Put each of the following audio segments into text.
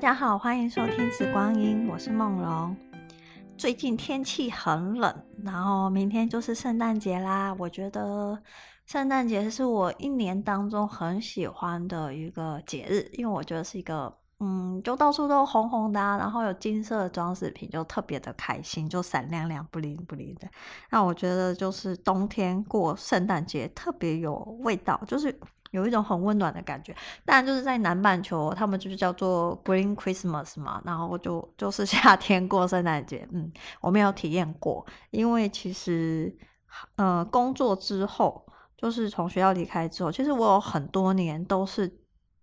大家好，歡迎收聽《紫光音》，我是夢蓉。最近天氣很冷，然後明天就是聖誕節啦。我覺得聖誕節是我一年當中很喜歡的一個節日，因為我覺得是一個，嗯，就到處都紅紅的啊，然後有金色的裝飾品，就特別的開心，就閃亮亮、不靈不靈的。那我覺得就是冬天過聖誕節特別有味道，就是。有一種很溫暖的感覺，當然就是在南半球，他們就是叫做 Green Christmas 嘛，然後就就是夏天過聖誕節。嗯，我沒有體驗過，因為其實，呃，工作之後，就是從學校離開之後，其實我有很多年都是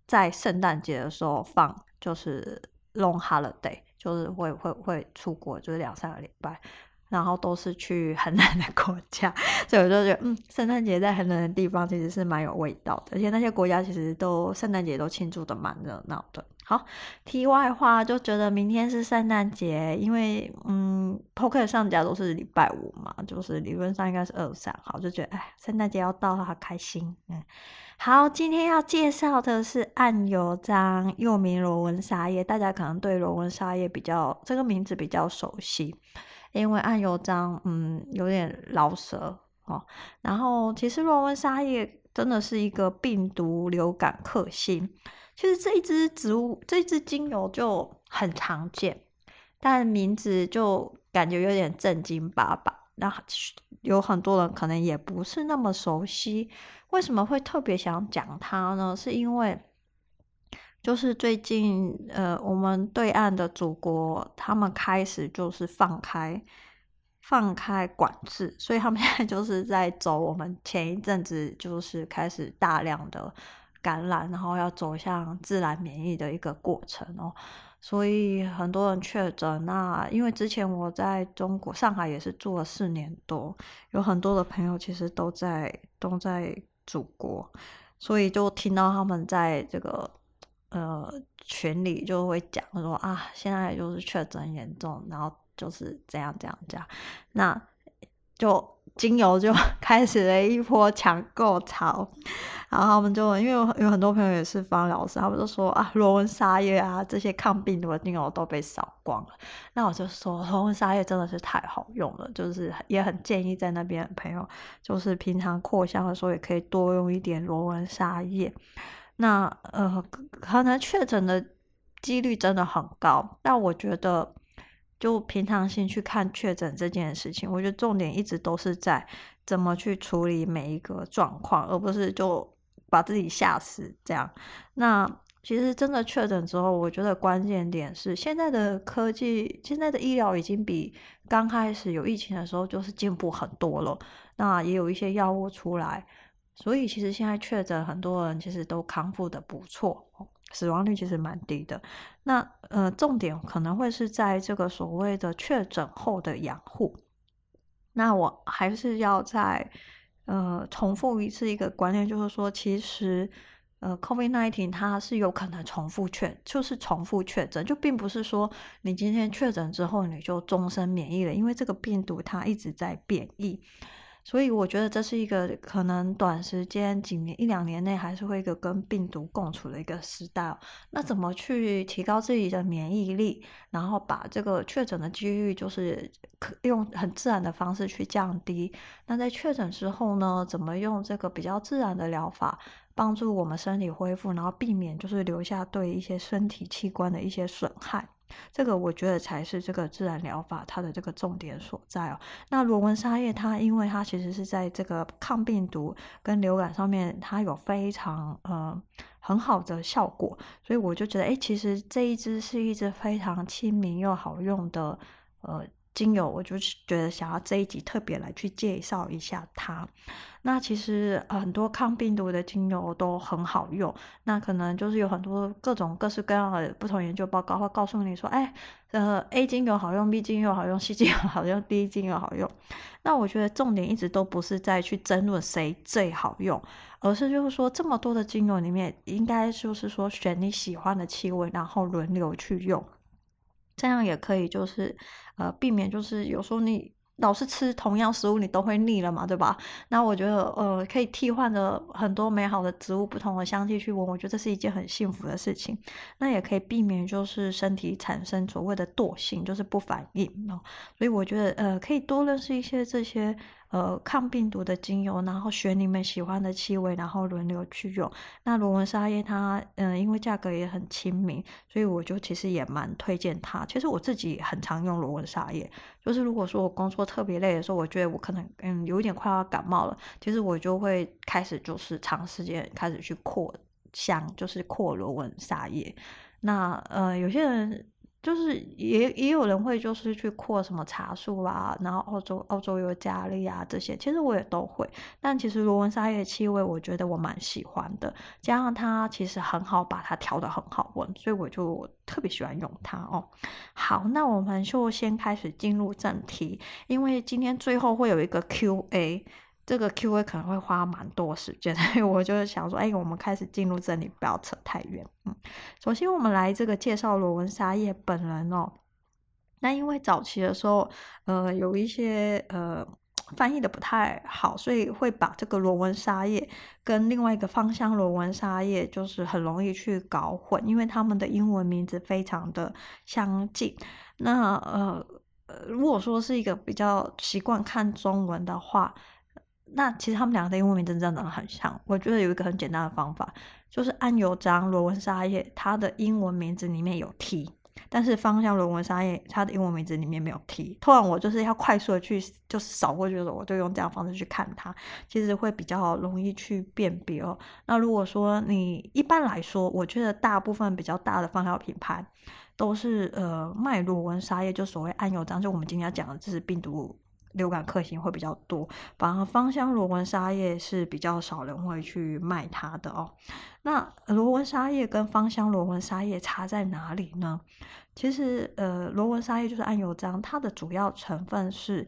在聖誕節的時候放，就是 long holiday，就是會會會出國，就是兩三個禮拜。然後都是去很冷的國家，所以我就覺得，嗯，聖誕節在很冷的地方其實是蠻有味道的，而且那些國家其實都聖誕節都慶祝得蠻熱鬧的。好，題外話就覺得明天是聖誕節，因為嗯，Podcast 上架都是禮拜五嘛，就是理論上應該是二三號，就覺得哎，聖誕節要到，好開心。嗯，好，今天要介紹的是桉油樟，又名羅文莎葉，大家可能對羅文莎葉比較這個名字比較熟悉，因為桉油樟嗯有點繞舌。哦。然後其實羅文莎葉。真的是一個病毒流感克星。其實這一支植物、這支精油就很常見，但名字就感覺有點正經八百。然後有很多人可能也不是那麼熟悉。為什麼會特別想講它呢？是因為就是最近呃，我們對岸的祖國，他們開始就是放開。放開管制，所以他們現在就是在走我們前一陣子就是開始大量的感染，然後要走向自然免疫的一個過程哦。所以很多人確診啊，那因為之前我在中國上海也是住了四年多，有很多的朋友其實都在、都在祖國，所以就聽到他們在這個呃，群裡就會講說啊，現在就是確診嚴重，然後。就是這樣，這樣這樣那就精油就開始了一波搶購潮。然後他們就因為有很多朋友也是芳療師，他們就說啊，羅文莎葉啊，這些抗病毒的精油都被掃光了。那我就說，羅文莎葉真的是太好用了，就是也很建議在那邊的朋友，就是平常擴香的時候也可以多用一點羅文莎葉。那呃，可能確診的幾率真的很高。但我覺得。就平常心去看確診這件事情，我覺得重點一直都是在怎麼去處理每一個狀況，而不是就把自己嚇死這樣。那其實真的確診之後，我覺得關鍵點是現在的科技、現在的醫療已經比剛開始有疫情的時候就是進步很多了。那也有一些藥物出來，所以其實現在確診很多人其實都康復得不錯。死亡率其實蠻低的，那呃重點可能會是在這個所謂的確診後的養護。那我還是要再呃重複一次一個觀念，就是說，其實呃 COVID-19 它是有可能重複確，就是重複確診，就並不是說你今天確診之後你就終身免疫了，因為這個病毒它一直在變異。所以我覺得這是一個可能短時間幾年一兩年內還是會一個跟病毒共處的一個時代哦，那怎麼去提高自己的免疫力，然後把這個確診的幾率就是可用很自然的方式去降低，那在確診之後呢，怎麼用這個比較自然的療法幫助我們身體恢復，然後避免就是留下對一些身體器官的一些損害。這個我覺得才是這個自然療法它的這個重點所在哦。那羅文莎葉它，因為它其實是在這個抗病毒跟流感上面，它有非常呃很好的效果，所以我就覺得，哎、欸，其實這一支是一支非常親民又好用的呃。精油，我就是覺得想要這一集特別來去介紹一下它。那其實很多抗病毒的精油都很好用，那可能就是有很多各種各式各樣的不同研究報告會告訴你說，哎，呃，A 精油好用，B 精油好用，C 精油好用，D 精油好用。那我覺得重點一直都不是在去爭論誰最好用，而是就是說這麼多的精油裡面，應該就是說選你喜歡的氣味，然後輪流去用。這樣也可以，就是，呃，避免就是有時候你老是吃同樣食物，你都會膩了嘛，對吧？那我覺得，呃，可以替換着很多美好的植物，不同的香氣去聞，我覺得這是一件很幸福的事情。那也可以避免就是身體產生所謂的惰性，就是不反應哦。所以我覺得，呃，可以多認識一些這些。呃，抗病毒的精油，然後選你們喜歡的氣味，然後輪流去用。那羅文莎葉它，嗯、呃，因為價格也很親民，所以我就其實也蠻推薦它。其實我自己也很常用羅文莎葉，就是如果說我工作特別累的時候，我覺得我可能嗯有一點快要感冒了，其實我就會開始就是長時間開始去擴香，就是擴羅文莎葉。那呃，有些人。就是也也有人會就是去擴什麼茶樹啦、啊，然後澳洲澳洲尤加利啊這些，其實我也都會。但其實羅文莎葉氣味，我覺得我蠻喜歡的，加上它其實很好把它調得很好聞，所以我就特別喜歡用它哦。好，那我們就先開始進入正題，因為今天最後會有一個 Q&A。這個 Q&A 可能會花蠻多時間，所以我就想說，哎，我們開始進入這裡，不要扯太遠。嗯，首先我們來這個介紹羅文莎葉本人哦。那因為早期的時候，呃，有一些呃翻譯的不太好，所以會把這個羅文莎葉跟另外一個芳香羅文莎葉，就是很容易去搞混，因為他們的英文名字非常的相近。那呃，如果說是一個比較習慣看中文的話，那其實他們兩個的英文名字真的很像，我覺得有一個很簡單的方法，就是桉油樟羅文莎葉，它的英文名字裡面有 T，但是芳香羅文莎葉它的英文名字裡面沒有 T。突然我就是要快速的去就是掃過去的時候，我就用這樣方式去看它，其實會比較容易去辨別哦。那如果說你一般來說，我覺得大部分比較大的芳香品牌都是呃賣羅文莎葉，就所謂桉油樟，就我們今天要講的這是病毒。流感克星會比較多，反而芳香羅文莎葉是比較少人會去賣它的哦。那羅文莎葉跟芳香羅文莎葉差在哪裡呢？其實呃，羅文莎葉就是桉油樟，它的主要成分是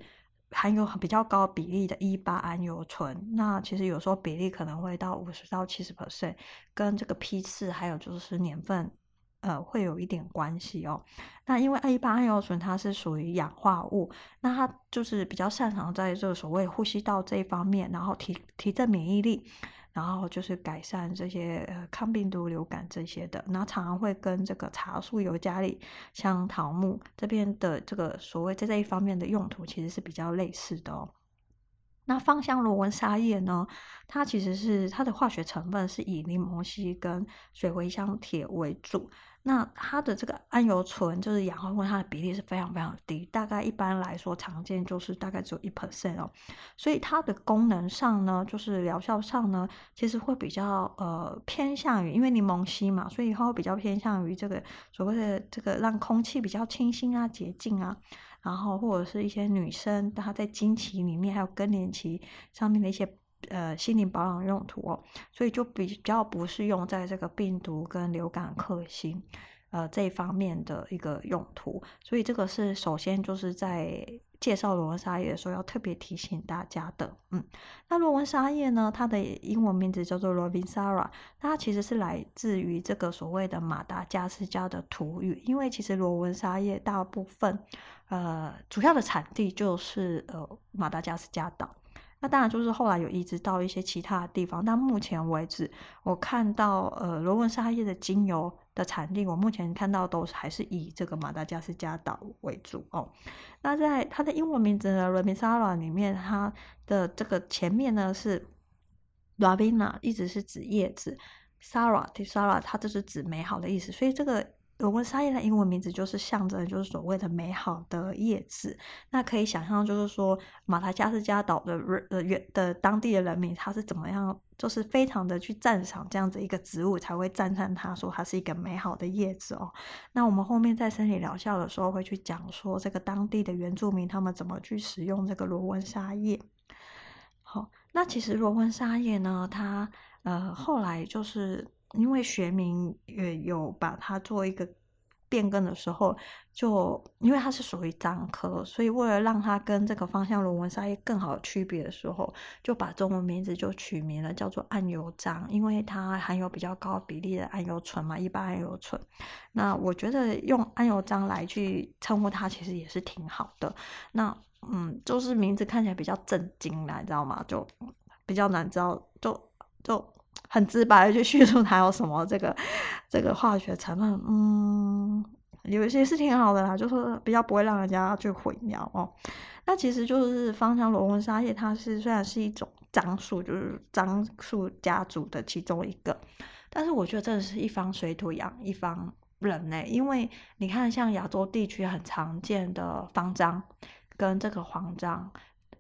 含有比較高比例的1,8桉油醇。那其實有時候比例可能會到五十到七十 percent，跟這個批次還有就是年份。呃，會有一點關係哦。那因為 1,8- 桉油醇它是屬於氧化物，那它就是比較擅長在這個所謂呼吸道這一方面，然後提提振免疫力，然後就是改善這些、呃、抗病毒、流感這些的。然後常常會跟這個茶樹、尤加利、香桃木這邊的這個所謂在這一方面的用途，其實是比較類似的哦。那芳香羅文莎葉呢，它其實是它的化學成分是以檸檬烯跟水茴香萜為主。那它的這個桉油醇就是氧化物，它的比例是非常非常低，大概一般來說常見就是大概只有一 percent 哦，所以它的功能上呢，就是療效上呢，其實會比較呃偏向於，因為檸檬烯嘛，所以它會比較偏向於這個所謂的這個讓空氣比較清新啊、潔淨啊，然後或者是一些女生她在經期裡面還有更年期上面的一些，呃，心靈保養用途哦，所以就比，比較不是用在這個病毒跟流感剋星，呃，這一方面的一個用途。所以這個是首先就是在介紹羅文莎葉的時候要特別提醒大家的。嗯，那羅文莎葉呢，它的英文名字叫做羅賓薩拉，它其實是來自於這個所謂的馬達加斯加的土語，因為其實羅文莎葉大部分，呃，主要的產地就是呃馬達加斯加島。那當然就是後來有移植到一些其他的地方，但目前為止，我看到呃羅文莎葉的精油的產地，我目前看到都是還是以這個馬達加斯加島為主哦。那在它的英文名字呢 Ravintsara 裡面，它的這個前面呢是 Ravina 一直是指葉子 Sara 拉 Sara 它就是指美好的意思，所以這個。羅文莎葉的英文名字就是象徵，就是所謂的美好的葉子。那可以想象，就是說馬達加斯加島的呃原的當地的人民，他是怎麼樣，就是非常的去讚賞這樣子一個植物，才會讚賞它，說它是一個美好的葉子哦。那我們後面在生理療效的時候會去講說，這個當地的原住民他們怎麼去使用這個羅文莎葉。好，那其實羅文莎葉呢，它呃後來就是。因為學名也有把它做一個變更的時候，就因為它是屬於樟科，所以為了讓它跟這個芳香羅文莎葉更好區別的時候，就把中文名字就取名了叫做桉油樟，因為它含有比較高比例的桉油醇嘛，一般桉油醇。那我覺得用桉油樟來去稱呼它，其實也是挺好的。那嗯，就是名字看起來比較震驚啦，你知道嗎？就比較難知道，就就。很直白的去敘述它有什麼這個這個化學成分，嗯，有一些是挺好的啦，就是比較不會讓人家去混淆哦。那其實就是芳香羅文莎葉，它是雖然是一種樟樹，就是樟樹家族的其中一個，但是我覺得這是一方水土養一方人呢、欸，因為你看像亞洲地區很常見的芳樟跟這個黃樟。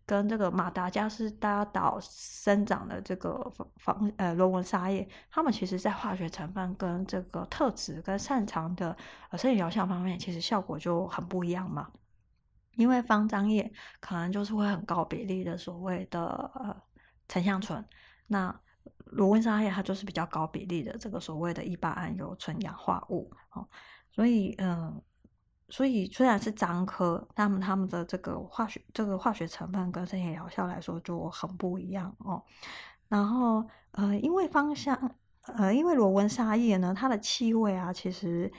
跟這個馬達加斯加島生長的這個方方呃羅文莎葉，它們其實在化學成分跟這個特質跟擅長的生理療效方面，其實效果就很不一樣嘛。因為芳樟葉可能就是會很高比例的所謂的呃沉香醇，那羅文莎葉它就是比較高比例的這個所謂的一八桉油醇氧化物哦，所以嗯。所以雖然是樟科，他們他們的這個化學這個化學成分跟生理療效來說就很不一樣哦。然後呃，因為芳香，呃，因為羅文莎葉呢，它的氣味啊，其實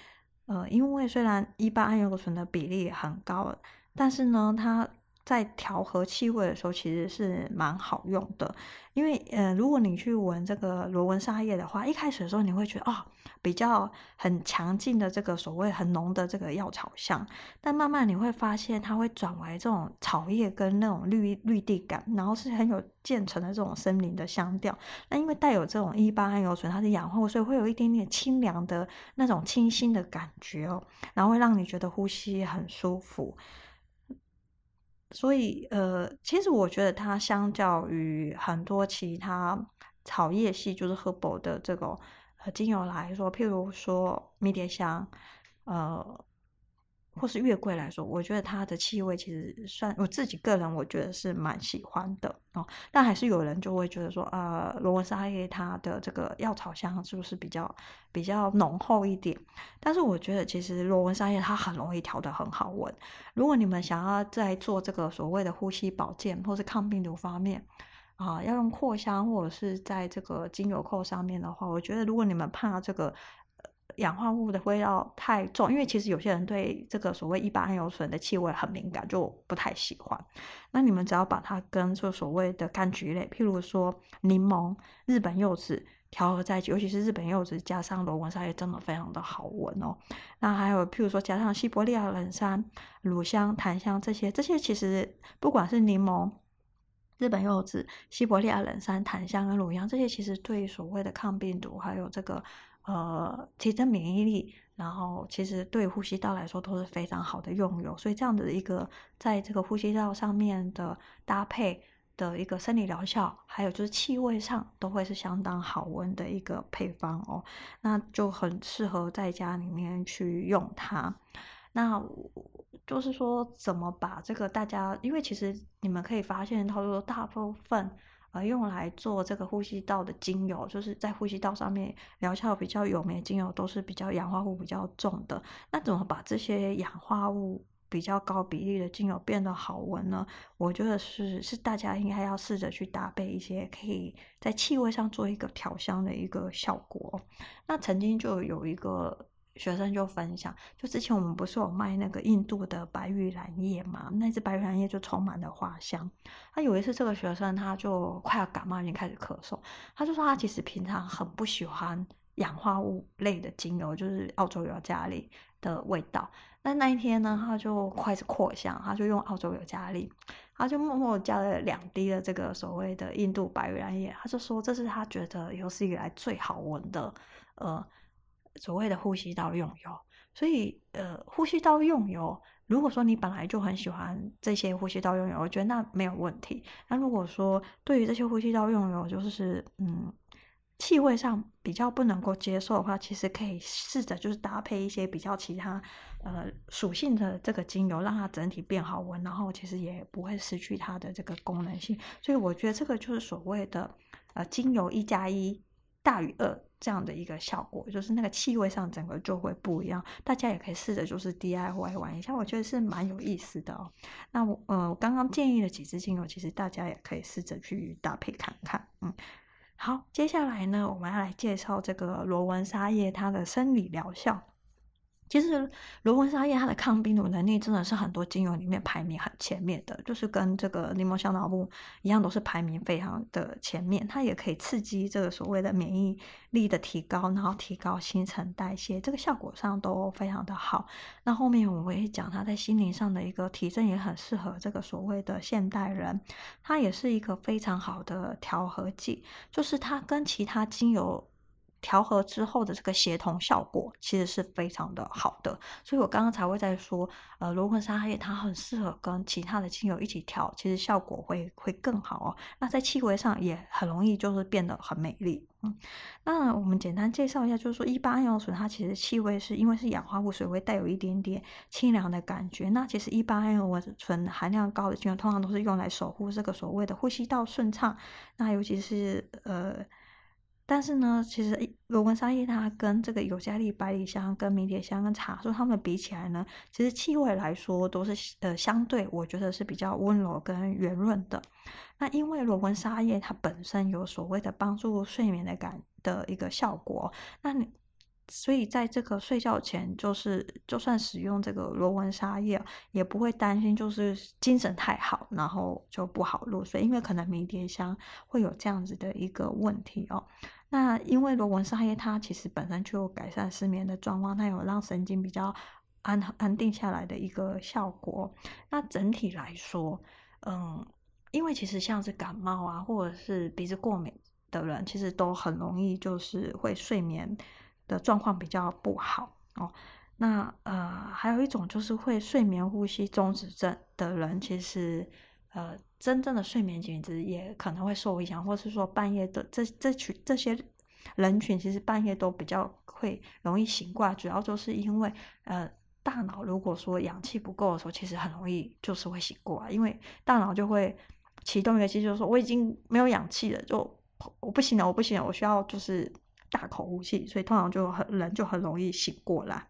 呃，因為雖然 1,8- 桉油醇的比例很高，但是呢，它。在調和氣味的時候，其實是蠻好用的，因為，呃，如果你去聞這個羅文莎葉的話，一開始的時候你會覺得，哦，比較很強勁的這個所謂很濃的這個藥草香，但慢慢你會發現它會轉為這種草葉跟那種綠綠地感，然後是很有漸層的這種森林的香調。那因為帶有這種 1,8- 桉油醇，它是氧化物，所以會有一點點清涼的那種清新的感覺哦，然後會讓你覺得呼吸很舒服。所以，呃，其實我覺得它相較於很多其他草葉系，就是 herbal 的這個呃精油來說，譬如說迷迭香，呃。或是月桂來說，我覺得它的氣味其實算我自己個人，我覺得是蠻喜歡的哦。但還是有人就會覺得說，呃，羅文莎葉它的這個藥草香是不是比較比較濃厚一點？但是我覺得其實羅文莎葉它很容易調得很好聞。如果你們想要在做這個所謂的呼吸保健或是抗病毒方面啊，要用擴香或者是在這個精油扣上面的話，我覺得如果你們怕這個。氧化物的味道太重，因為其實有些人對這個所謂一般桉油醇的氣味很敏感，就不太喜歡。那你們只要把它跟這所謂的柑橘類，譬如說檸檬、日本柚子調和在一起，尤其是日本柚子加上羅文莎葉真的非常的好聞哦。那還有譬如說加上西伯利亞冷杉、乳香、檀香這些，這些其實不管是檸檬、日本柚子、西伯利亞冷杉、檀香跟乳香這些，其實對所謂的抗病毒還有這個。呃，提升免疫力，然後其實對呼吸道來說都是非常好的用油，所以這樣的一個在這個呼吸道上面的搭配的一個生理療效，還有就是氣味上都會是相當好聞的一個配方哦，那就很適合在家裡面去用它。那就是說，怎麼把這個大家，因為其實你們可以發現，它說大部分。而用來做這個呼吸道的精油，就是在呼吸道上面療效比較有名的精油，都是比較氧化物比較重的。那怎麼把這些氧化物比較高比例的精油變得好聞呢？我覺得是是大家應該要試着去搭配一些可以在氣味上做一個調香的一個效果。那曾經就有一個。學生就分享，就之前我們不是有賣那個印度的白玉蘭葉嘛？那支白玉蘭葉就充滿了花香。他有一次這個學生他就快要感冒，已經開始咳嗽。他就說他其實平常很不喜歡氧化物類的精油，就是澳洲尤加利的味道。那那一天呢，他就開始擴香，他就用澳洲尤加利，他就默默加了兩滴的這個所謂的印度白玉蘭葉。他就說這是他覺得有史以來最好聞的，呃。所謂的呼吸道用油，所以呃，呼吸道用油，如果說你本來就很喜歡這些呼吸道用油，我覺得那沒有問題。那如果說對於這些呼吸道用油，就是嗯，氣味上比較不能夠接受的話，其實可以試着就是搭配一些比較其他呃屬性的這個精油，讓它整體變好聞，然後其實也不會失去它的這個功能性。所以我覺得這個就是所謂的呃，精油一加一。大於二這樣的一個效果，就是那個氣味上整個就會不一樣。大家也可以試着就是 DIY 玩一下，我覺得是蠻有意思的哦。那我呃，我剛剛建議的幾支精油，其實大家也可以試着去搭配看看。嗯，好，接下來呢，我們要來介紹這個羅文莎葉它的生理療效。其實羅文莎葉它的抗病毒能力真的是很多精油裡面排名很前面的，就是跟這個檸檬香桃木一樣，都是排名非常的前面。它也可以刺激這個所謂的免疫力的提高，然後提高新陳代謝，這個效果上都非常的好。那後面我們也講它在心靈上的一個提升也很適合這個所謂的現代人，它也是一個非常好的調和劑，就是它跟其他精油，調和之後的這個協同效果其實是非常的好的，所以我剛剛才會在說，呃，羅文莎葉它很適合跟其他的精油一起調，其實效果會會更好哦。那在氣味上也很容易就是變得很美麗。嗯，那我們簡單介紹一下，就是說 1,8- 桉油醇它其實氣味是因為是氧化物水，所以會帶有一點點清涼的感覺。那其實 1,8- 桉油醇含量高的精油通常都是用來守護這個所謂的呼吸道順暢，那尤其是呃。但是呢，其實羅文莎葉它跟這個尤加利、百里香、跟迷迭香跟茶樹它們比起來呢，其實氣味來說都是呃相對，我覺得是比較溫柔跟圓潤的。那因為羅文莎葉它本身有所謂的幫助睡眠的感的一個效果，那你所以在這個睡覺前就是就算使用這個羅文莎葉，也不會擔心就是精神太好，然後就不好入睡，因為可能迷迭香會有這樣子的一個問題哦。那因為羅文莎葉它其實本身就有改善失眠的狀況，它有讓神經比較安安定下來的一個效果。那整體來說，嗯，因為其實像是感冒啊，或者是鼻子過敏的人，其實都很容易就是會睡眠的狀況比較不好哦。那呃，還有一種就是會睡眠呼吸中止症的人，其實。呃，真正的睡眠品質也可能會受影響，或是說半夜的這這群這些人群其實半夜都比較會容易醒過來。啊，主要就是因為呃大腦如果說氧氣不夠的時候，其實很容易就是會醒過來。啊，因為大腦就會啟動一個機就是說我已經沒有氧氣了，就我不行了，我不行了，我需要就是大口呼吸，所以通常就很人就很容易醒過來，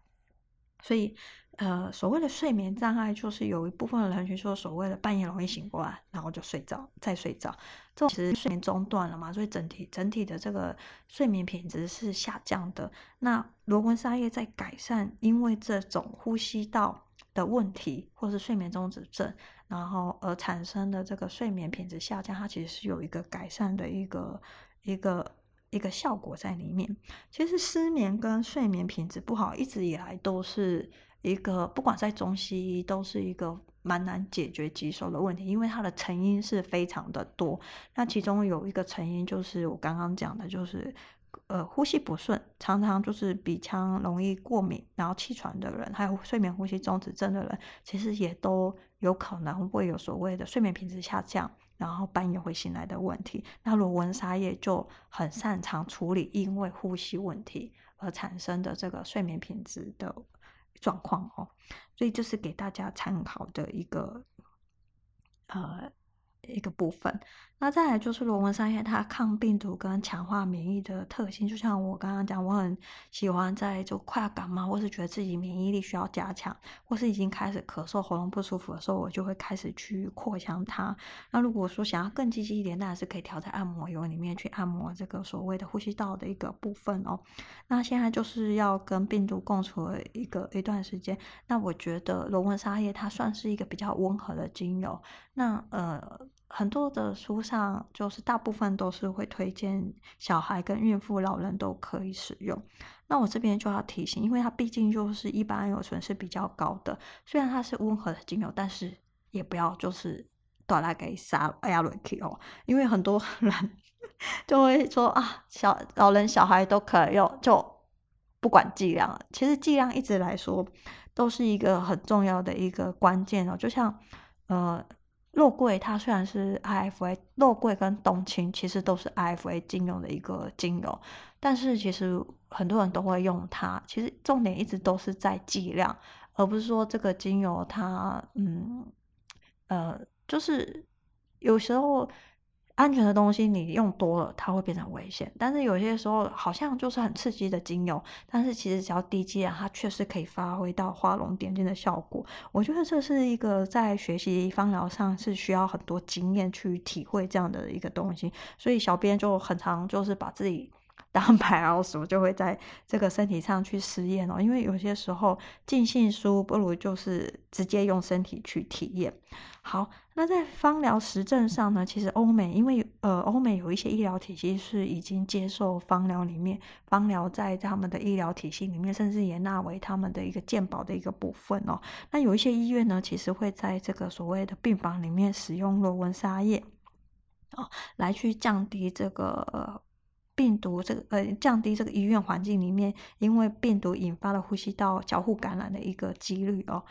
所以。呃，所謂的睡眠障礙，就是有一部分的人群說，所謂的半夜容易醒過來，然後就睡着，再睡着，這種其實睡眠中斷了嘛，所以整體整體的這個睡眠品質是下降的。那羅文莎葉在改善，因為這種呼吸道的問題，或是睡眠中止症，然後而產生的這個睡眠品質下降，它其實是有一個改善的一個一個一個效果在裡面。其實失眠跟睡眠品質不好，一直以來都是。一個不管在中西醫都是一個蠻難解決棘手的問題，因為它的成因是非常的多。那其中有一個成因就是我剛剛講的，就是呃呼吸不順，常常就是鼻腔容易過敏，然後氣喘的人，還有睡眠呼吸中止症的人，其實也都有可能會有所謂的睡眠品質下降，然後半夜會醒來的問題。那羅文莎葉就很擅長處理因為呼吸問題而產生的這個睡眠品質的。狀況哦，所以這是給大家參考的一個，呃。一個部分，那再來就是羅文莎葉，它抗病毒跟強化免疫的特性，就像我剛剛講，我很喜歡在就快要感冒，或是覺得自己免疫力需要加強，或是已經開始咳嗽、喉嚨不舒服的時候，我就會開始去擴香它。那如果說想要更積極一點，那還是可以調在按摩油裡面去按摩這個所謂的呼吸道的一個部分哦。那現在就是要跟病毒共處了一個一段時間，那我覺得羅文莎葉它算是一個比較溫和的精油，那呃。很多的書上，就是大部分都是會推薦小孩，跟孕婦、老人都可以使用。那我這邊就要提醒，因為它畢竟就是一般油醇是比較高的，雖然它是溫和的精油，但是也不要就是倒來給撒艾倫 k e 哦。因為很多人就會說啊，小老人、小孩都可以用，就不管劑量。其實劑量一直來說，都是一個很重要的一個關鍵哦。就像呃。肉桂它雖然是 I F A，肉桂跟冬青其實都是 I F A 禁用的一個精油，但是其實很多人都會用它。其實重點一直都是在劑量，而不是說這個精油它嗯呃，就是有時候。安全的東西你用多了，它會變成危險。但是有些時候好像就是很刺激的精油，但是其實只要低劑量，啊，它確實可以發揮到畫龍點睛的效果。我覺得這是一個在學習芳療上是需要很多經驗去體會這樣的一個東西。所以小編就很常就是把自己，當白老鼠就會在這個身體上去實驗哦，因為有些時候盡信書不如就是直接用身體去體驗。好，那在芳療實證上呢，其實歐美因為呃，歐美有一些醫療體系是已經接受芳療，裡面芳療在他們的醫療體系裡面，甚至也納為他們的一個健保的一個部分哦。那有一些醫院呢，其實會在這個所謂的病房裡面使用羅文莎葉哦，來去降低這個。呃病毒這個呃，降低這個醫院環境裡面，因為病毒引發了呼吸道交叉感染的一個幾率哦。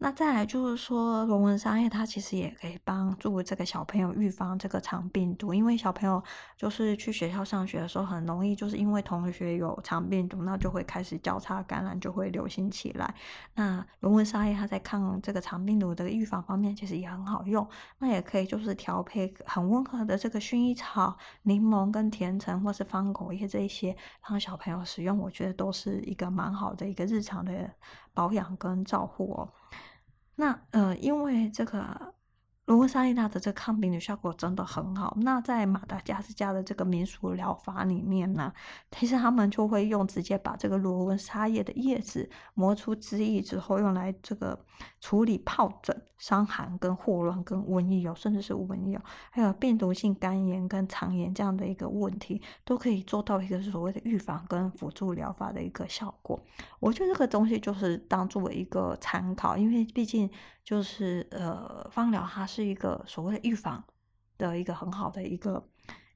那再來就是說，羅文莎葉它其實也可以幫助這個小朋友預防這個腸病毒，因為小朋友就是去學校上學的時候，很容易就是因為同學有腸病毒，那就會開始交叉感染，就會流行起來。那羅文莎葉它在抗這個腸病毒的預防方面，其實也很好用。那也可以就是調配很溫和的這個薰衣草、檸檬跟甜橙或是芳枸葉這一些，讓小朋友使用，我覺得都是一個蠻好的一個日常的。保養跟照護哦，那呃，因為這個，啊。羅文莎利娜的這個抗病毒效果真的很好。那在馬達加斯加的這個民俗療法裡面呢，其實他們就會用，直接把這個羅文莎葉的葉子磨出汁液之後，用來這個處理皰疹、傷寒、跟霍亂、跟瘟疫哦，甚至是瘟疫哦，還有病毒性肝炎跟腸炎這樣的一個問題，都可以做到一個所謂的預防跟輔助療法的一個效果。我覺得這個東西就是當作為一個參考，因為畢竟。就是呃，芳療，它是一個所謂的預防的一個很好的一個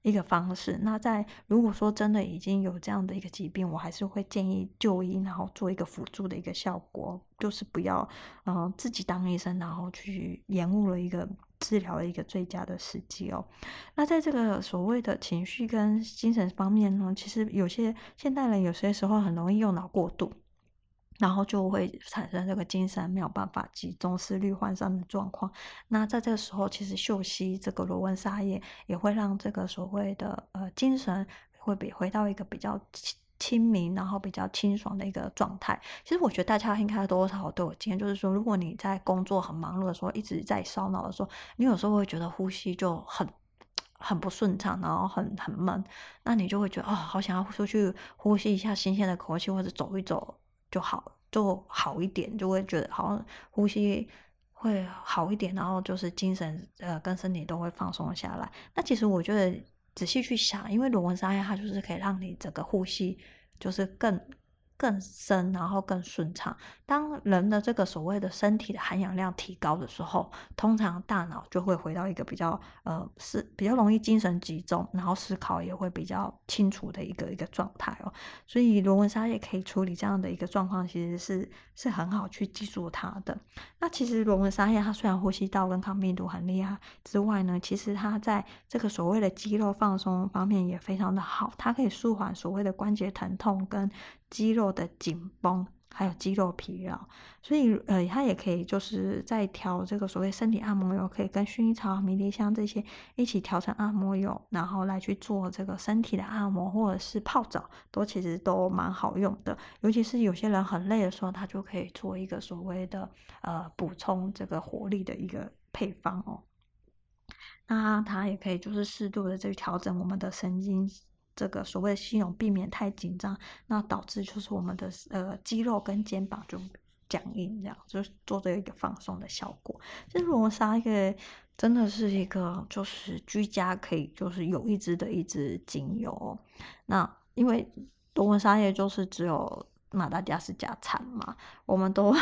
一個方式。那在如果說真的已經有這樣的一個疾病，我還是會建議就醫，然後做一個輔助的一個效果，就是不要嗯、呃、自己當醫生，然後去延誤了一個治療的一個最佳的時機哦。那在這個所謂的情緒跟精神方面呢，其實有些現代人有些時候很容易用腦過度。然後就會產生這個精神沒有辦法集中，思慮渙散的狀況。那在這個時候，其實嗅吸這個羅文莎葉也會讓這個所謂的呃精神會比回到一個比較清明，然後比較清爽的一個狀態。其實我覺得大家應該多少都有經驗，就是說，如果你在工作很忙碌的時候，一直在燒腦的時候，你有時候會覺得呼吸就很很不順暢，然後很很悶，那你就會覺得啊、哦，好想要出去呼吸一下新鮮的空氣，或者走一走，就好就好一點，就會覺得好像呼吸會好一點，然後就是精神呃跟身體都會放鬆下來。那其實我覺得仔細去想，因為羅文莎葉它就是可以讓你整個呼吸就是更。更深，然後更順暢。當人的這個所謂的身體的含氧量提高的時候，通常大腦就會回到一個比較呃，是比較容易精神集中，然後思考也會比較清楚的一個一個狀態哦。所以羅文莎葉可以處理這樣的一個狀況，其實是是很好去記住它的。那其實羅文莎葉它雖然呼吸道跟抗病毒很厲害之外呢，其實它在這個所謂的肌肉放鬆方面也非常的好，它可以舒緩所謂的關節疼痛跟。肌肉的緊繃，還有肌肉疲勞，啊，所以呃，它也可以就是在調這個所謂身體按摩油，可以跟薰衣草、迷迭香這些一起調成按摩油，然後來去做這個身體的按摩，或者是泡澡，都其實都蠻好用的。尤其是有些人很累的時候，他就可以做一個所謂的呃補充這個活力的一個配方哦。那它也可以就是適度的這去調整我們的神經。這個所謂的肌肉避免太緊張，那導致就是我們的呃肌肉跟肩膀就僵硬這樣，了就是做這個放鬆的效果。這羅文莎葉真的是一個就是居家可以就是有一支的一支精油。那因為羅文莎葉就是只有馬達加斯加產嘛，我們都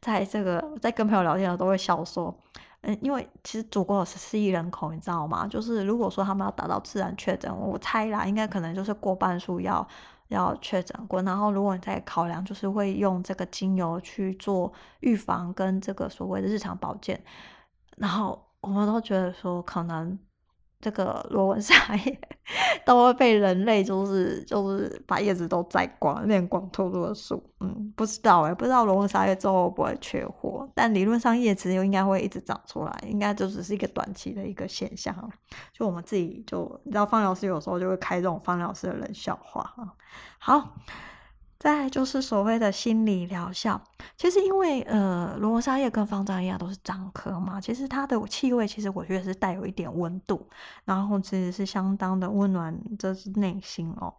在這個在跟朋友聊天的時候都會笑說。嗯，因為其實祖國有十四億人口，你知道嗎？就是如果說他們要達到自然確診，我猜啦，應該可能就是過半數要要確診過。然後如果你在考量，就是會用這個精油去做預防跟這個所謂的日常保健，然後我們都覺得說可能。這個羅文莎葉都會被人類，就是就是把葉子都摘光，變光禿禿的樹。嗯，不知道誒、欸、不知道羅文莎葉之後會不會缺貨，但理論上葉子又應該會一直長出來，應該就只是一個短期的一個現象。就我們自己，就你知道，方老師有時候就會開這種方老師的冷笑話。好。再來就是所謂的心理療效，其實因為呃，羅文莎葉跟芳樟一樣都是樟科嘛，其實它的氣味，其實我覺得是帶有一點溫度，然後其實是相當的溫暖，這是內心哦。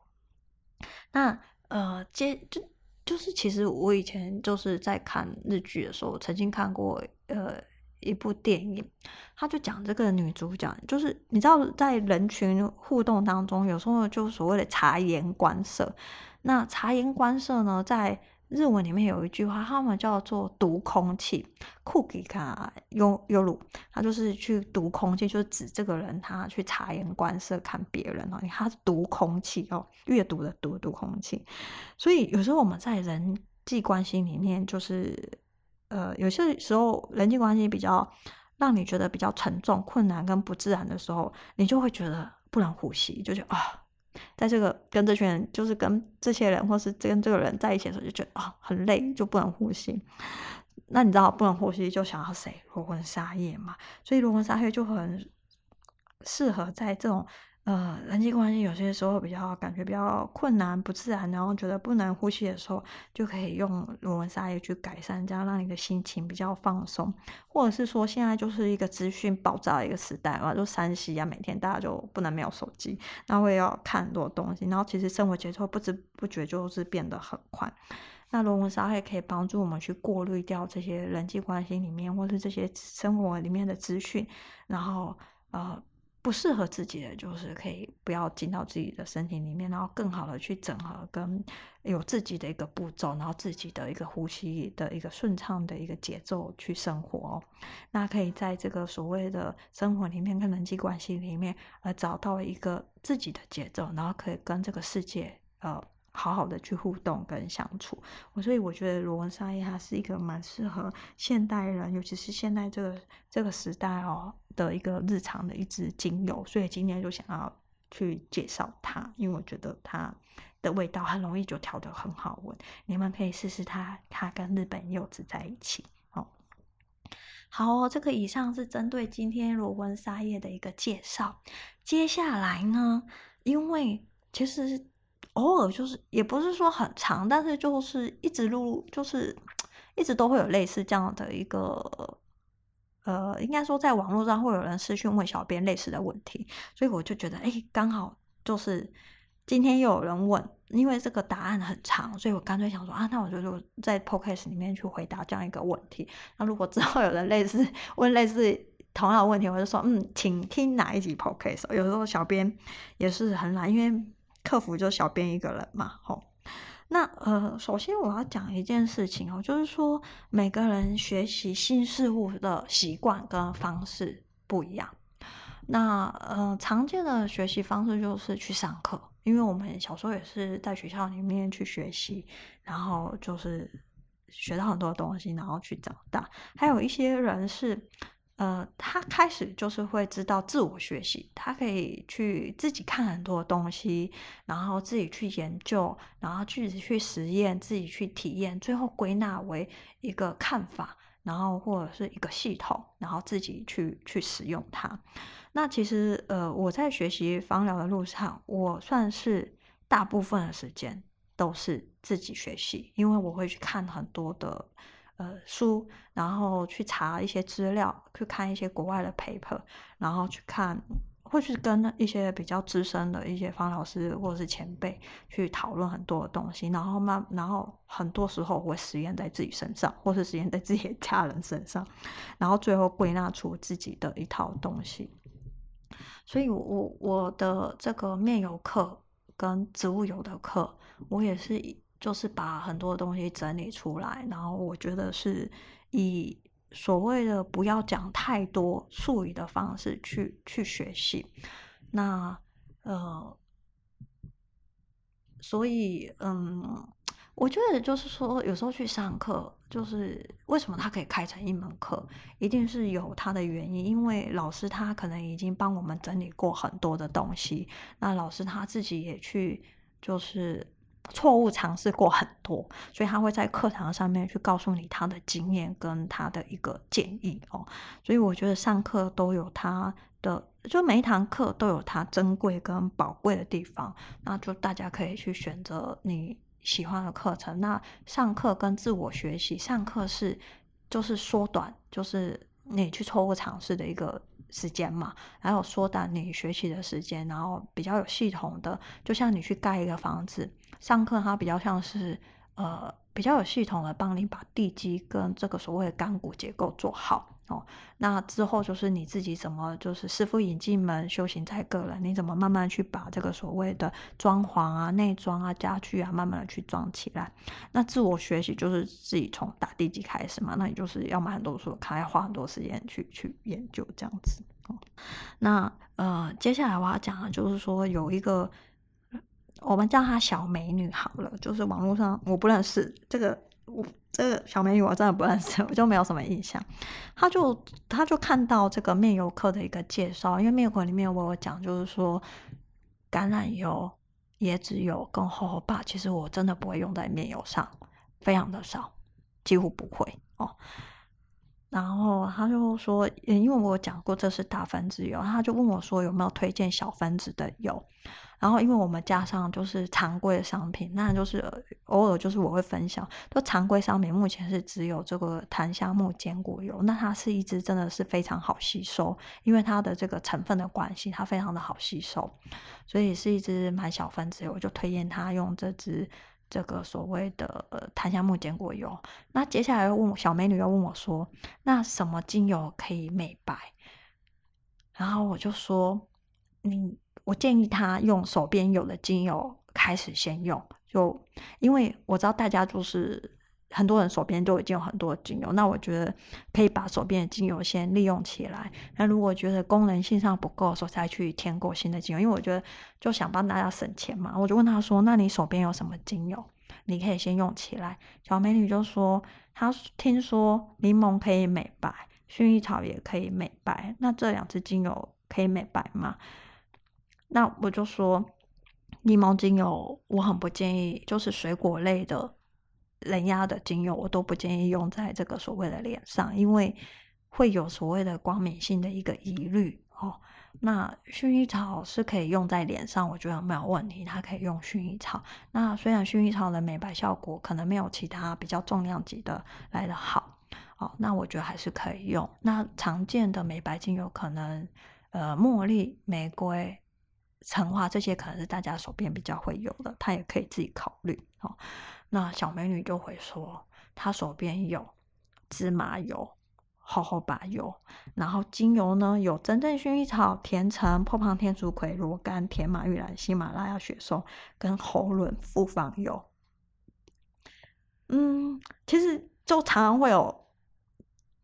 那呃，接就就是其實我以前就是在看日劇的時候，曾經看過呃一部電影，他就講這個女主角，就是你知道在人群互動當中，有時候就所謂的察言觀色。那察言觀色呢，在日文裡面有一句話，他們叫做讀空氣，kuki 優 a y o y o u，他就是去讀空氣，就是指這個人，他去察言觀色看別人哦，他是讀空氣哦，閱讀的讀讀，讀空氣，所以有時候我們在人際關係裡面，就是呃有些時候人際關係比較讓你覺得比較沉重、困難跟不自然的時候，你就會覺得不能呼吸，就覺得啊。哦在這個跟這群人，就是跟這些人，或是跟這個人在一起的時候，就覺得啊、哦、很累，就不能呼吸。那你知道不能呼吸就想要誰？羅文莎葉嘛。所以羅文莎葉就很適合在這種。呃，人際關係有些時候比較感覺比較困難、不自然，然後覺得不能呼吸的時候，就可以用羅文莎葉去改善，這樣讓你的心情比較放鬆。或者是說，現在就是一個資訊爆炸的一個時代，啊，就 3C 啊，每天大家就不能沒有手機，那我也要看很多東西，然後其實生活節奏不知不覺就是變得很快。那羅文莎葉可以幫助我們去過濾掉這些人際關係裡面或是這些生活裡面的資訊，然後呃。不適合自己的，就是可以不要進到自己的身體裡面，然後更好的去整合，跟有自己的一個步驟，然後自己的一個呼吸的一個順暢的一個節奏去生活。那可以在這個所謂的生活裡面跟人際關係裡面，呃，找到一個自己的節奏，然後可以跟這個世界，呃。好好的去互動跟相處，我所以我覺得羅文莎葉它是一個蠻適合現代人，尤其是現在這個這個時代哦、喔、的一個日常的一支精油，所以今天就想要去介紹它，因為我覺得它的味道很容易就調得很好聞，你們可以試試它，它跟日本柚子在一起，哦、喔。好哦，這個以上是針對今天羅文莎葉的一個介紹，接下來呢，因為其實。偶爾就是也不是說很長，但是就是一直錄就是一直都會有類似這樣的一個，呃，應該說在網絡上會有人私訊問小編類似的問題，所以我就覺得，哎、欸，剛好就是今天又有人問，因為這個答案很長，所以我乾脆想說啊，那我就在 Podcast 裡面去回答這樣一個問題。那如果之後有人類似問類似同樣的問題，我就說，嗯，請聽哪一集 Podcast。有時候小編也是很懶，因為。客服就小編一個人嘛，吼、哦。那呃，首先我要講一件事情哦，就是說每個人學習新事物的習慣跟方式不一樣。那呃，常見的學習方式就是去上課，因為我們小時候也是在學校裡面去學習，然後就是學到很多東西，然後去長大。還有一些人是。呃，他開始就是會知道自我學習，他可以去自己看很多東西，然後自己去研究，然後自己去實驗，自己去體驗，最後歸納為一個看法，然後或者是一個系統，然後自己去去使用它。那其實呃，我在學習芳療的路上，我算是大部分的時間都是自己學習，因為我會去看很多的。呃，書，然後去查一些資料，去看一些國外的 paper，然後去看，或去跟一些比較資深的一些方老師或者是前輩去討論很多的東西，然後慢，然後很多時候我實驗在自己身上，或是實驗在自己的家人身上，然後最後歸納出自己的一套東西。所以我，我我的這個面油課跟植物油的課，我也是就是把很多的東西整理出來，然後我覺得是以所謂的不要講太多術語的方式去去學習。那呃，所以嗯，我覺得就是說，有時候去上課，就是為什麼他可以開成一門課，一定是有他的原因。因為老師他可能已經幫我們整理過很多的東西，那老師他自己也去就是。錯誤嘗試過很多，所以他會在課堂上面去告訴你他的經驗跟他的一個建議哦。所以我覺得上課都有他的，就每一堂課都有它珍貴跟寶貴的地方。那就大家可以去選擇你喜歡的課程。那上課跟自我學習，上課是就是縮短，就是你去錯誤嘗試的一個。時間嘛，還有縮短你學習的時間，然後比較有系統的，就像你去蓋一個房子，上課它比較像是呃比較有系統的幫你把地基跟這個所謂的鋼骨結構做好。哦、那之後就是你自己怎麼就是師傅引進門，修行在個人。你怎麼慢慢去把這個所謂的裝潢啊、內裝啊、家具啊，慢慢的去裝起來。那自我學習就是自己從打地基開始嘛。那你就是要買很多書看，要花很多時間去去研究這樣子。哦、那呃，接下來我要講的就是說有一個，我們叫她小美女好了，就是網絡上我不認識這個我。呃、小美女我真的不認識，我就沒有什麼印象。他就他就看到這個面油課的一個介紹，因為面油課裡面我有講，就是說橄欖油、椰子油、跟荷荷芭。其實我真的不會用在面油上，非常的少，幾乎不會哦。然後他就說，因為我講過這是大分子油，他就問我說有沒有推薦小分子的油。然後因為我們加上就是常規的商品，那就是偶爾就是我會分享，就常規商品目前是只有這個檀香木堅果油，那它是一支真的是非常好吸收，因為它的這個成分的關係，它非常的好吸收，所以是一支蠻小分子油，我就推薦他用這支。這個所謂的檀香木堅果油，那接下來又問小美女又問我說，那什麼精油可以美白？然後我就說，你我建議她用手邊有的精油開始先用，就因為我知道大家就是。很多人手邊都已經有很多精油，那我覺得可以把手邊的精油先利用起來。那如果覺得功能性上不夠的時候再去添購新的精油，因為我覺得就想幫大家省錢嘛。我就問他說：“那你手邊有什麼精油？你可以先用起來。”小美女就說：“她聽說檸檬可以美白，薰衣草也可以美白，那這兩支精油可以美白嗎？”那我就說：“檸檬精油我很不建議，就是水果類的。”人家的精油我都不建議用在這個所謂的臉上，因為會有所謂的光敏性的一個疑慮哦。那薰衣草是可以用在臉上，我覺得沒有問題。它可以用薰衣草，那雖然薰衣草的美白效果可能沒有其他比較重量級的來得好哦，那我覺得還是可以用。那常見的美白精油可能呃茉莉、玫瑰、橙花，這些，可能是大家手邊比較會有的，它也可以自己考慮哦。那小美女就會說，她手邊有芝麻油、荷荷芭油，然後精油呢有真正薰衣草、甜橙、波旁天竺葵、羅甘、甜馬鬱蘭、喜馬拉雅雪松跟喉輪複方油。嗯，其實就常常會有，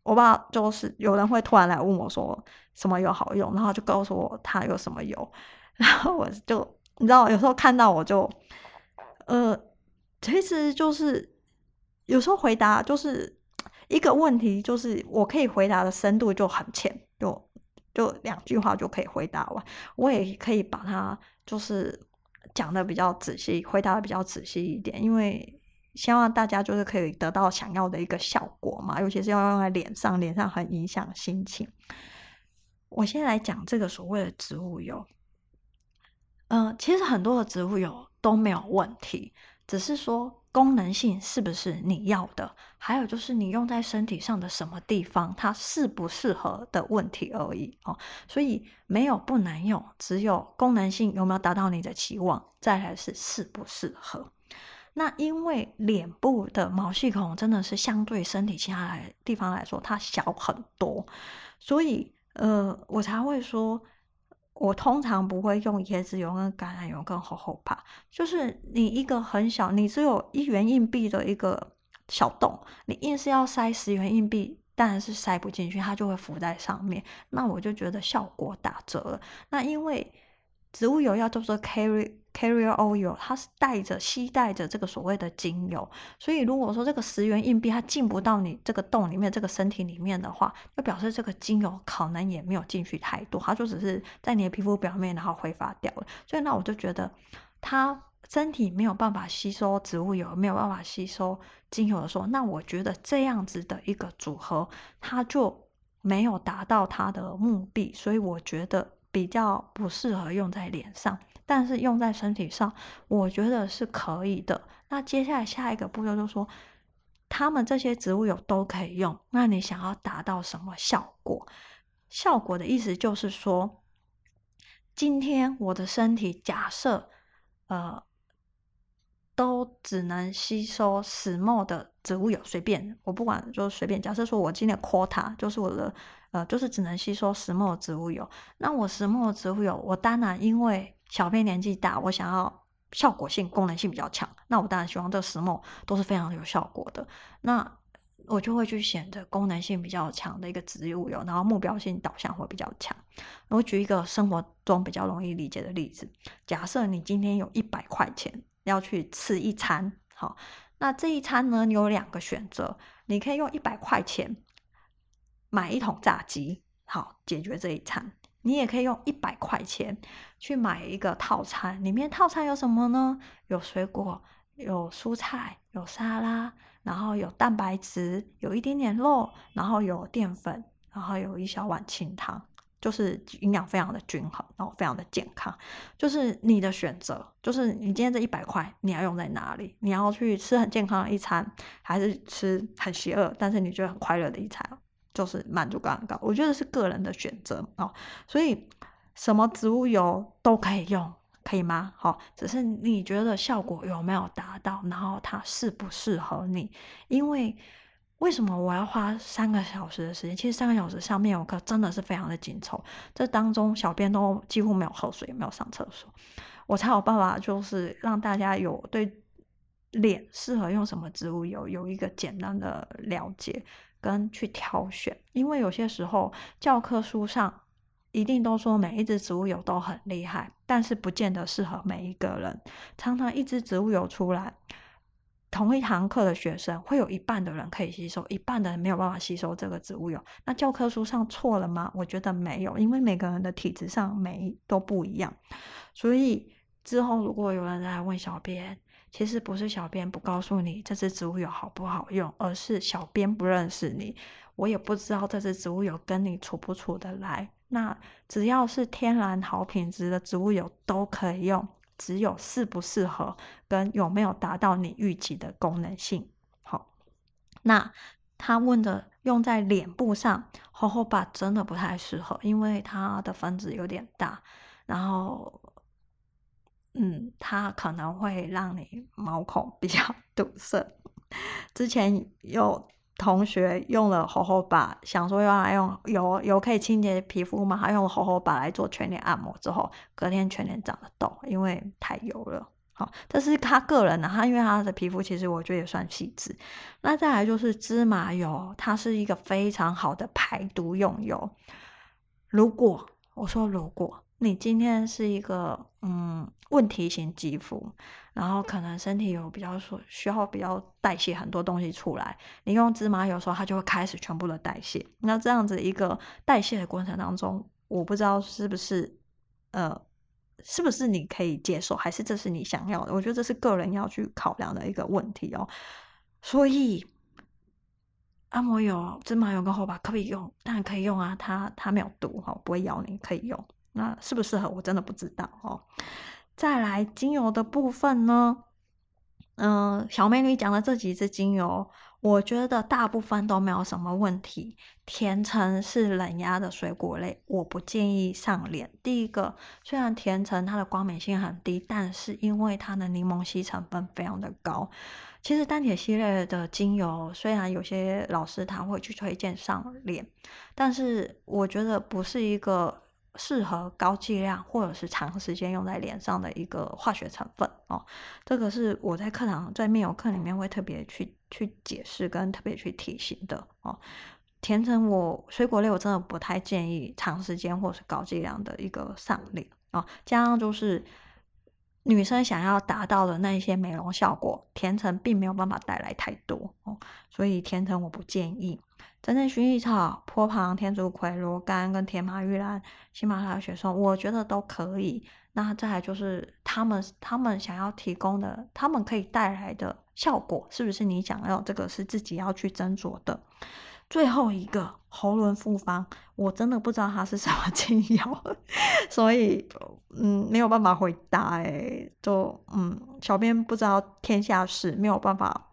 我爸，就是有人會突然來問我說什麼油好用，然後就告訴我他有什麼油，然後我就你知道有時候看到我就，呃。其實就是有時候回答就是一個問題，就是我可以回答的深度就很淺，就就兩句話就可以回答完。我也可以把它就是講的比較仔細，回答的比較仔細一點，因為希望大家就是可以得到想要的一個效果嘛，尤其是要用在臉上，臉上很影響心情。我先來講這個所謂的植物油，嗯、呃，其實很多的植物油都沒有問題。只是說功能性是不是你要的，還有就是你用在身體上的什麼地方，它適不適合的問題而已哦。所以沒有不能用，只有功能性有沒有達到你的期望，再來是適不適合。那因為臉部的毛細孔真的是相對身體其他地方來說，它小很多，所以呃，我才會說。我通常不會用椰子油跟橄欖油跟荷荷芭。就是你一個很小，你只有一元硬幣的一個小洞，你硬是要塞十元硬幣，當然是塞不進去，它就會浮在上面。那我就覺得效果打折了。那因為植物油要叫做 carry。Carrier oil，它是帶着吸帶着這個所謂的精油，所以如果說這個十元硬幣它進不到你這個洞裡面，這個身體裡面的話，就表示這個精油可能也沒有進去太多，它就只是在你的皮膚表面，然後揮發掉了。所以那我就覺得，它身體沒有辦法吸收植物油，沒有辦法吸收精油的時候，那我覺得這樣子的一個組合，它就沒有達到它的目的，所以我覺得比較不適合用在臉上。但是用在身體上，我覺得是可以的。那接下來下一個步驟就是說，他們這些植物油都可以用。那你想要達到什麼效果？效果的意思就是說，今天我的身體假設呃，都只能吸收 10ml 的植物油，隨便我不管，就是、隨便。假設說我今天 quota 就是我的呃，就是只能吸收 10ml 的植物油。那我 10ml 的植物油，我當然因為。小貝年紀大，我想要效果性、功能性比較強，那我當然希望這十種都是非常有效果的。那我就會去選擇功能性比較強的一個植物油，然後目標性導向會比較強。我舉一個生活中比較容易理解的例子：假設你今天有一百塊錢要去吃一餐，好，那這一餐呢，你有兩個選擇，你可以用一百塊錢買一桶炸雞，好，解決這一餐。你也可以用一百塊錢去買一個套餐，裡面套餐有什麼呢？有水果，有蔬菜，有沙拉，然後有蛋白質，有一點點肉，然後有澱粉，然後有一小碗清湯，就是營養非常的均衡，然後非常的健康。就是你的選擇，就是你今天這一百塊你要用在哪裡？你要去吃很健康的一餐，還是吃很邪惡但是你覺得很快樂的一餐？就是滿足感很高，我覺得是個人的選擇哦。所以，什麼植物油都可以用，可以嗎？好，只是你覺得效果有沒有達到，然後它適不適合你？因為為什麼我要花三個小時的時間？其實三個小時上面我課真的是非常的緊湊，這當中小編都幾乎沒有喝水，沒有上廁所，我才有辦法就是讓大家有對臉適合用什麼植物油有一個簡單的了解。跟去挑選，因為有些時候教科書上一定都說每一支植物油都很厲害，但是不見得適合每一個人。常常一支植物油出來，同一堂課的學生會有一半的人可以吸收，一半的人沒有辦法吸收這個植物油。那教科書上錯了嗎？我覺得沒有，因為每個人的體質上每都不一樣。所以之後如果有人來問小編。其實不是小編不告訴你這支植物油好不好用，而是小編不認識你，我也不知道這支植物油跟你處不處得來。那只要是天然好品質的植物油都可以用，只有適不適合跟有沒有達到你預期的功能性好、哦。那他問的用在臉部上，荷荷芭真的不太適合，因為它的分子有點大，然後。嗯，它可能會讓你毛孔比較堵塞。之前有同學用了荷荷芭，想說用來用油油可以清潔皮膚嘛，他用荷荷芭來做全臉按摩之後，隔天全臉長得痘，因為太油了。好、哦，但是他個人呢，他因為他的皮膚其實我覺得也算細緻。那再來就是芝麻油，它是一個非常好的排毒用油。如果我說如果。你今天是一個嗯問題型肌膚，然後可能身體有比較說需要比較代謝很多東西出來。你用芝麻油的時候，它就會開始全部的代謝。那這樣子一個代謝的過程當中，我不知道是不是呃是不是你可以接受，還是這是你想要的？我覺得這是個人要去考量的一個問題哦。所以按摩油、哦、芝麻油跟荷荷芭可以用，當然可以用啊，它它沒有毒哈、哦，不會咬你，可以用。那適不適合我真的不知道哦。再來精油的部分呢？嗯、呃，小美女講的這幾支精油，我覺得大部分都沒有什麼問題。甜橙是冷壓的水果類，我不建議上臉。第一個，雖然甜橙它的光敏性很低，但是因為它的檸檬烯成分非常的高。其實單萜系列的精油，雖然有些老師他會去推薦上臉，但是我覺得不是一個。適合高劑量或者是長時間用在臉上的一個化學成分哦，這個是我在課堂在面油課裡面會特別去去解釋跟特別去提醒的哦。甜橙我水果類我真的不太建議長時間或者是高劑量的一個上臉哦，加上就是女生想要達到的那一些美容效果，甜橙並沒有辦法帶來太多哦，所以甜橙我不建議。真正薰衣草、波旁天竺葵、羅甘跟甜馬鬱蘭、喜馬拉雅雪松，我覺得都可以。那再來就是他們他們想要提供的，他們可以帶來的效果，是不是你想要？這個是自己要去斟酌的。最後一個喉輪複方，我真的不知道它是什麼精油， 所以嗯，沒有辦法回答誒、欸、就嗯，小編不知道天下事，沒有辦法。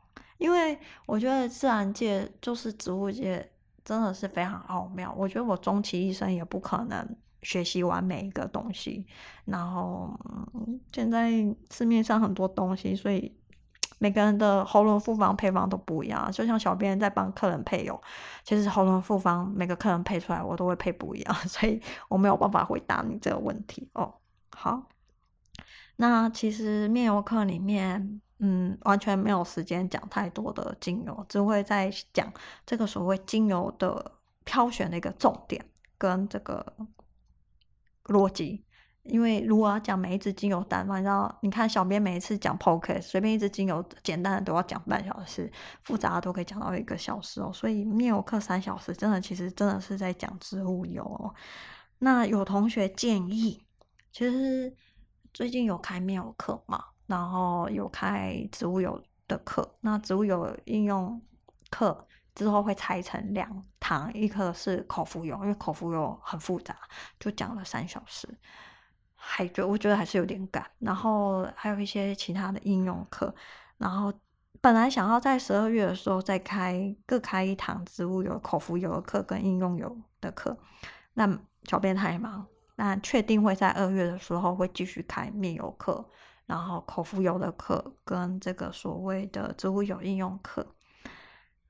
因為我覺得自然界，就是植物界，真的是非常奧妙。我覺得我終其一生也不可能學習完每一個東西。然後現在市面上很多東西，所以每個人的喉輪複方配方都不一樣。就像小編在幫客人配油，其實喉輪複方每個客人配出來，我都會配不一樣，所以我沒有辦法回答你這個問題哦。好，那其實面油課裡面。嗯，完全沒有時間講太多的精油，只會在講這個所謂精油的挑選的一個重點跟這個邏輯。因為如果要講每一支精油單方，反正你看小編每一次講 Podcast，隨便一支精油簡單的都要講半小時，複雜的都可以講到一個小時哦。所以面油課三小時，真的其實真的是在講植物油哦。那有同學建議，其實最近有開面油課嗎？然後有開植物油的課，那植物油應用課之後會拆成兩堂，一課是口服油，因為口服油很複雜，就講了三小時，還覺我覺得還是有點趕。然後還有一些其他的應用課，然後本來想要在十二月的時候再開各開一堂植物油口服油的課跟應用油的課，那小編太忙，那確定會在二月的時候會繼續開面油課。然後口服油的課跟這個所謂的植物油應用課，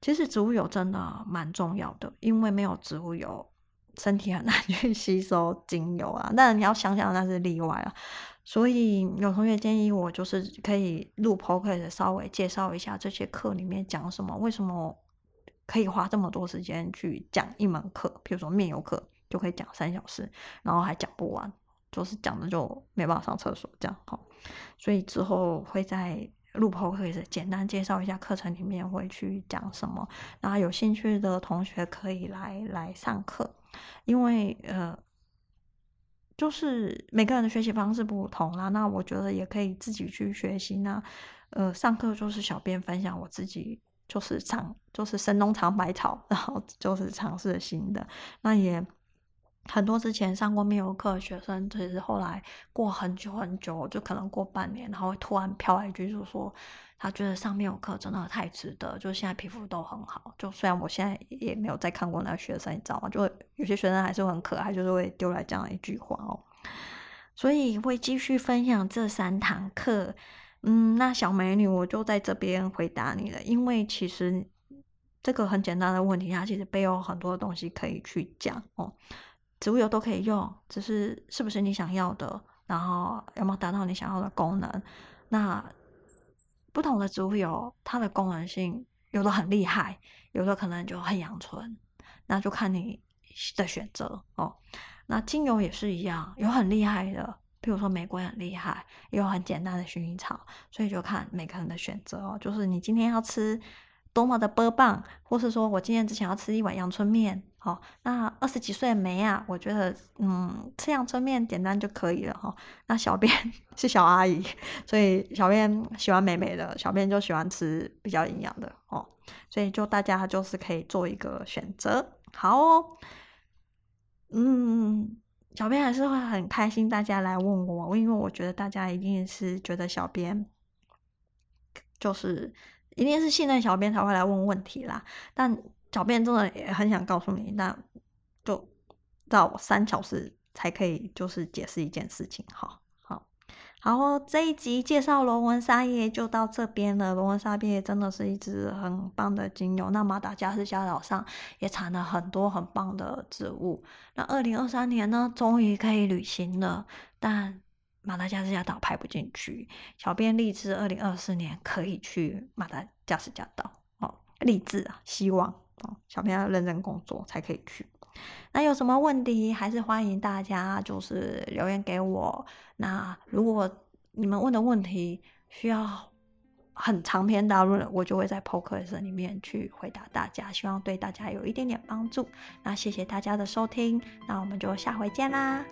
其實植物油真的蠻重要的，因為沒有植物油，身體很難去吸收精油啊。但你要想想，那是例外啊。所以有同學建議我，就是可以錄 p o d c t 稍微介紹一下這些課裡面講什麼，為什麼可以花這麼多時間去講一門課，比如說面油課就可以講三小時，然後還講不完，就是講的就沒辦法上廁所，這樣好。所以之後會在錄播課裡簡單介紹一下課程裡面會去講什麼，然後有興趣的同學可以來來上課，因為呃，就是每個人的學習方式不同啦、啊，那我覺得也可以自己去學習。那呃，上課就是小編分享我自己就，就是嘗就是神農嘗百草，然後就是嘗試新的，那也。很多之前上過面油課的學生，其實後來過很久很久，就可能過半年，然後突然飄來一句就是說：“他覺得上面油課真的太值得。”就現在皮膚都很好。就雖然我現在也沒有再看過那個學生照，就有些學生還是很可愛，就是會丟來這樣一句話哦。所以會繼續分享這三堂課。嗯，那小美女，我就在這邊回答你了，因為其實這個很簡單的問題，它其實背後很多東西可以去講哦。植物油都可以用，只是是不是你想要的，然後有沒有達到你想要的功能。那不同的植物油，它的功能性有的很厲害，有的可能就很陽春，那就看你的選擇哦。那精油也是一樣，有很厲害的，比如說玫瑰很厲害，也有很簡單的薰衣草，所以就看每個人的選擇哦。就是你今天要吃多麼的波棒，或是說我今天只想要吃一碗陽春麵，哦，那二十幾歲的妹啊，我覺得嗯，吃陽春麵簡單就可以了哈、哦。那小編是小阿姨，所以小編喜歡美美的，小編就喜歡吃比較營養的哦，所以就大家就是可以做一個選擇，好、哦，嗯，小編還是會很開心大家來問我，因為我覺得大家一定是覺得小編就是。一定是信任小編才會來問問題啦，但小編真的也很想告訴你，那就到三小時才可以就是解釋一件事情。好好，然後這一集介紹羅文莎葉就到這邊了。羅文莎葉真的是一支很棒的精油。那馬達加斯加島上也產了很多很棒的植物。那二零二三年呢，終於可以旅行了，但。馬達加斯加島排不進去，小編立志二零二四年可以去馬達加斯加島。哦，勵志啊，希望哦，小編要認真工作才可以去。那有什麼問題，還是歡迎大家就是留言給我。那如果你們問的問題需要很長篇大論，啊，我就會在 Podcast 裡面去回答大家，希望對大家有一點點幫助。那謝謝大家的收聽，那我們就下回見啦。